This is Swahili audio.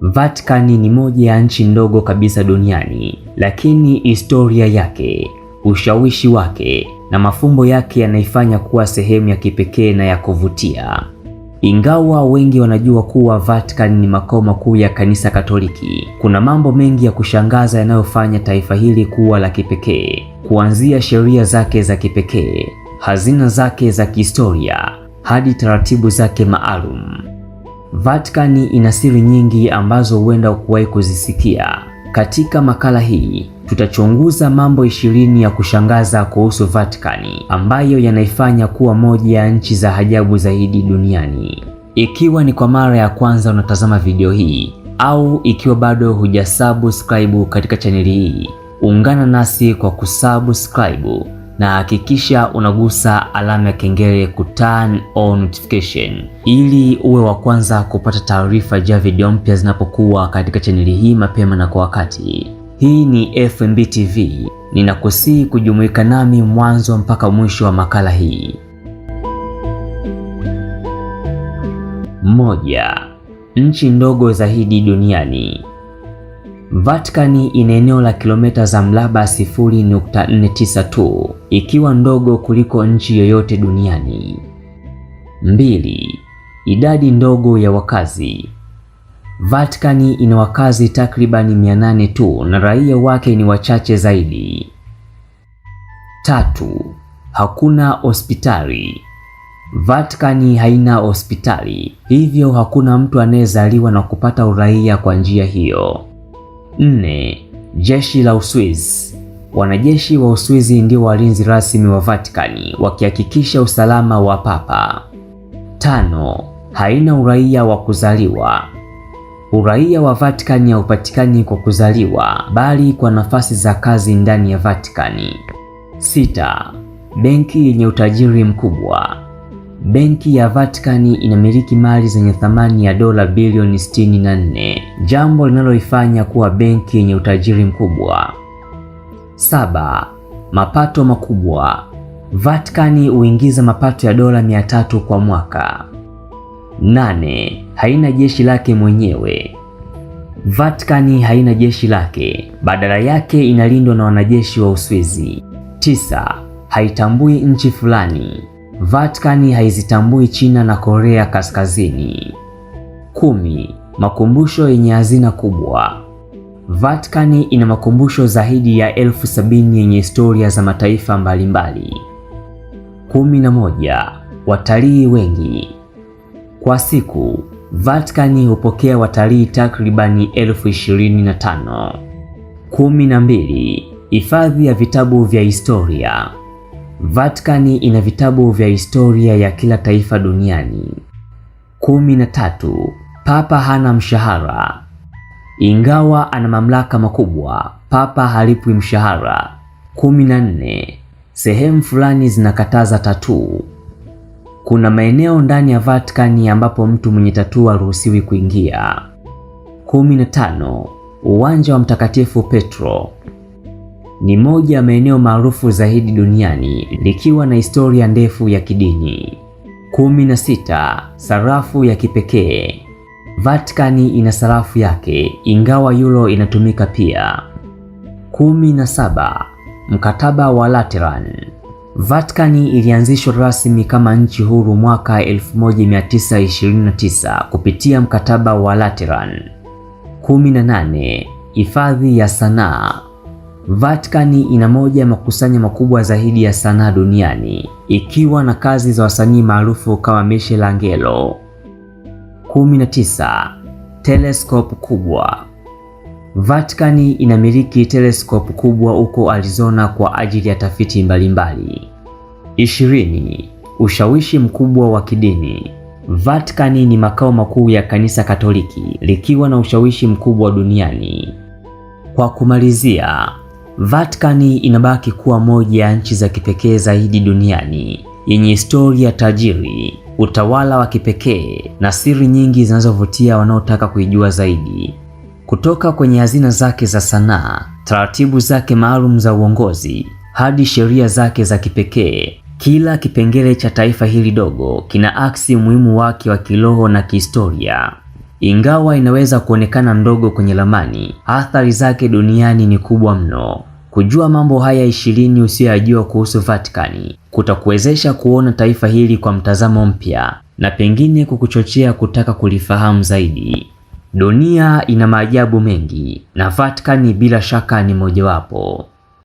Vatican ni moja ya nchi ndogo kabisa duniani, lakini historia yake, ushawishi wake na mafumbo yake yanaifanya kuwa sehemu ya kipekee na ya kuvutia. Ingawa wengi wanajua kuwa Vatican ni makao makuu ya Kanisa Katoliki, kuna mambo mengi ya kushangaza yanayofanya taifa hili kuwa la kipekee, kuanzia sheria zake za kipekee, hazina zake za kihistoria, hadi taratibu zake maalum. Vatican ina siri nyingi ambazo huenda hukuwahi kuzisikia. Katika makala hii tutachunguza mambo ishirini ya kushangaza kuhusu Vatican ambayo yanaifanya kuwa moja ya nchi za ajabu zaidi duniani. Ikiwa ni kwa mara ya kwanza unatazama video hii au ikiwa bado hujasubscribe katika chaneli hii, ungana nasi kwa kusubscribe na hakikisha unagusa alama ya kengele ku turn on notification ili uwe wa kwanza kupata taarifa za video mpya zinapokuwa katika chaneli hii mapema na kwa wakati. Hii ni FMB TV, ninakusihi kujumuika nami mwanzo mpaka mwisho wa makala hii. Moja, nchi ndogo zaidi duniani. Vatican ina eneo la kilomita za mraba 0.492 ikiwa ndogo kuliko nchi yoyote duniani. Mbili, idadi ndogo ya wakazi. Vatican ina wakazi takribani 800 tu na raia wake ni wachache zaidi. Tatu, hakuna hospitali. Vatican haina hospitali, hivyo hakuna mtu anayezaliwa na kupata uraia kwa njia hiyo. Nne, jeshi la Uswizi. Wanajeshi wa Uswizi ndio walinzi rasmi wa Vatikani, wakihakikisha usalama wa Papa. Tano, haina uraia wa kuzaliwa. Uraia wa Vatikani haupatikani kwa kuzaliwa, bali kwa nafasi za kazi ndani ya Vatikani. Sita, benki yenye utajiri mkubwa. Benki ya Vatican inamiliki mali zenye thamani ya dola bilioni 64, jambo linaloifanya kuwa benki yenye utajiri mkubwa. Saba, mapato makubwa. Vatican huingiza mapato ya dola 300 kwa mwaka. Nane, haina jeshi lake mwenyewe. Vatican haina jeshi lake, badala yake inalindwa na wanajeshi wa Uswizi. Tisa, haitambui nchi fulani. Vatican haizitambui China na Korea Kaskazini. Kumi. Makumbusho yenye hazina kubwa. Vatican ina makumbusho zaidi ya elfu sabini yenye historia za mataifa mbalimbali. Kumi na moja. Watalii wengi kwa siku. Vatican hupokea watalii takribani elfu ishirini na tano. Kumi na mbili. Hifadhi ya vitabu vya historia Vatikani ina vitabu vya historia ya kila taifa duniani. kumi na tatu. Papa hana mshahara. Ingawa ana mamlaka makubwa, papa halipwi mshahara. kumi na nne. Sehemu fulani zinakataza tatuu. Kuna maeneo ndani ya Vatikani ambapo mtu mwenye tatuu haruhusiwi kuingia. kumi na tano. Uwanja wa Mtakatifu Petro ni moja ya maeneo maarufu zaidi duniani likiwa na historia ndefu ya kidini. 16. Sarafu ya kipekee. Vatikani ina sarafu yake ingawa euro inatumika pia. 17. Mkataba wa Lateran. Vatikani ilianzishwa rasmi kama nchi huru mwaka 1929 kupitia mkataba wa Lateran. 18. Hifadhi ya sanaa. Vatikani ina moja ya makusanyo makubwa zaidi ya sanaa duniani ikiwa na kazi za wasanii maarufu kama Michelangelo. 19. Telescope kubwa. Vatikani inamiliki telescope kubwa huko Arizona kwa ajili ya tafiti mbalimbali. 20. Ushawishi mkubwa wa kidini. Vatikani ni makao makuu ya Kanisa Katoliki likiwa na ushawishi mkubwa duniani. Kwa kumalizia, Vatikani inabaki kuwa moja ya nchi za kipekee zaidi duniani yenye historia tajiri, utawala wa kipekee na siri nyingi zinazovutia wanaotaka kuijua zaidi. Kutoka kwenye hazina zake za sanaa, taratibu zake maalum za uongozi hadi sheria zake za kipekee, kila kipengele cha taifa hili dogo kina aksi umuhimu wake wa kiroho na kihistoria. Ingawa inaweza kuonekana mdogo kwenye ramani, athari zake duniani ni kubwa mno. Kujua mambo haya ishirini usiyoyajua kuhusu Vatikani kutakuwezesha kuona taifa hili kwa mtazamo mpya na pengine kukuchochea kutaka kulifahamu zaidi. Dunia ina maajabu mengi na Vatikani bila shaka ni mojawapo.